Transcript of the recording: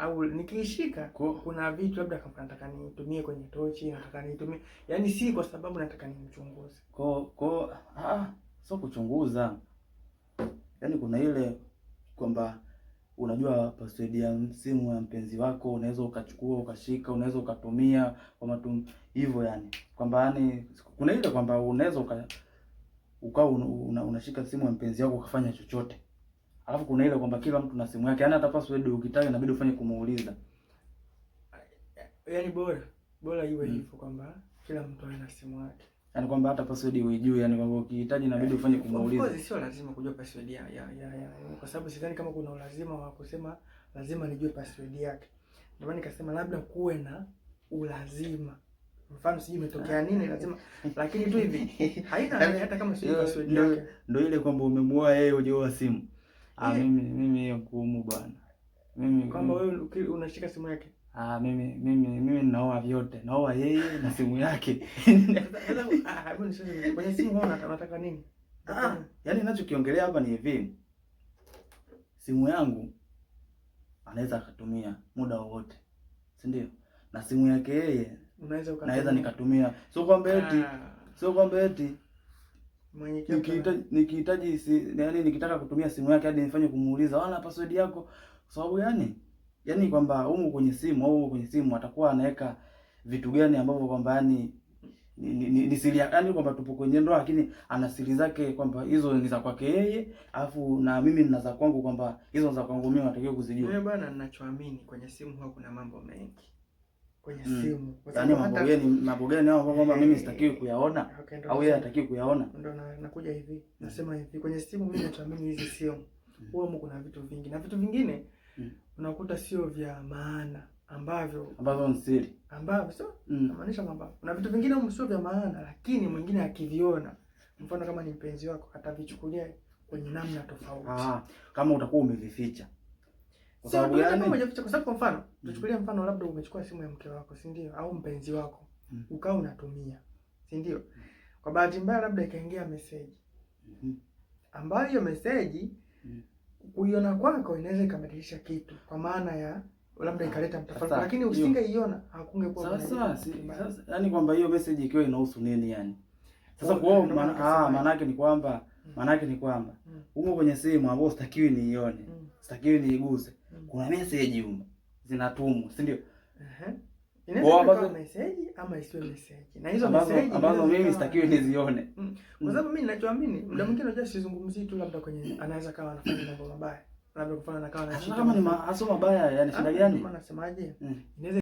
au nikiishika Kuna vitu labda nataka nitumie kwenye tochi, nataka nitumie, yani si kwa sababu nataka nimchunguze ko ko, ah, sio kuchunguza, yani kuna ile kwamba unajua password ya simu ya mpenzi wako unaweza ukachukua ukashika, unaweza ukatumia kwa matum hivyo, yani kwamba yani kuna ile kwamba unaweza uka ukawa unashika simu ya mpenzi wako ukafanya chochote Alafu kuna ile kwamba kila mtu na simu yake, yaani hata password ukitaka inabidi ufanye kumuuliza. Yaani bora bora iwe hmm. hivyo hmm, kwamba kila mtu ana simu yake. Yaani kwamba hata password uijue, yani kwamba ukihitaji inabidi ufanye kumuuliza. Kwa sio lazima kujua password ya ya ya, ya. Kwa sababu sidhani kama kuna ulazima wa kusema lazima nijue password yake. Ndio maana nikasema labda kuwe na ulazima. Mfano sijui imetokea ah. nini lazima lakini tu hivi haina hata kama sio password yake. Ndio ile kwamba umemuoa yeye hujaoa simu. Ah, mimi mimi hiyo ngumu bwana. Mimi kwamba wewe unashika simu yake. Ah, mimi mimi mimi naoa vyote. Naoa yeye na simu yake. Kwenye simu wewe unataka nini? Ah, ah, yaani ninachokiongelea hapa ni hivi. Simu yangu anaweza akatumia muda wowote. Si ndio? Na simu yake yeye unaweza naweza nikatumia. Sio kwamba eti ah. sio kwamba eti nikihitaji si, yaani nikitaka kutumia simu yake hadi nifanye kumuuliza wala password yako kwa sababu yani yani kwamba huko kwenye simu au kwenye simu atakuwa anaweka vitu gani ambavyo kwamba yani ni, ni, ni, ni siri yani kwamba tupo kwenye ndoa lakini ana siri zake kwamba hizo ni za kwake yeye, alafu na mimi nina za kwangu kwamba hizo za kwangu mimi natakiwa kuzijua. bwana, ninachoamini kwenye simu huwa kuna mambo mengi kwenye mm. simu. Yaani mambo gani mambo gani hao kwamba eh, mimi sitakiwi kuyaona okay, au yeye hatakiwi kuyaona. Ndio na nakuja hivi. Mm. Nasema hivi kwenye simu mimi natamani hizi simu. Mm. Huwa mko na vitu vingi na vitu vingine mm. unakuta sio vya maana ambavyo ambavyo ni siri. Ambavyo sio? Mm. Namaanisha mm. kwamba kuna vitu vingine huko sio vya maana lakini mwingine akiviona mfano kama ni mpenzi wako atavichukulia kwenye namna tofauti. Ah, kama utakuwa umevificha. Yaani kwa sababu mfano mm. tuchukulie mfano labda umechukua simu ya mke wako, si ndio? Au mpenzi wako mm. unatumia, si ndio? Mm. Kwa bahati mbaya labda ikaingia mm ambayo mm. kuiona kwako inaweza ikabadilisha kitu kwa maana ya labda ah, ikaleta mtafaruku, lakini usingeiona hakungekuwa sasa. Sasa yani kwamba hiyo message ikiwa inahusu nini yani sasa kwa maana ah, yake ni kwamba mm. maana yake ni kwamba umo kwenye simu ambayo sitakiwi niione, sitakiwi niiguse Mm. kuna message huko zinatumwa, si ndio? message ama isiwe message na hizo meseji ambazo mimi sitakiwi nizione, mm. kwa mm. sababu mimi ninachoamini, muda mwingine unajua, sizungumzii tu labda kwenye, anaweza kawa anafanya mambo mabaya, labda kufanya na kawa na shida, kama ni masomo mabaya, yani shida gani, nasemaje?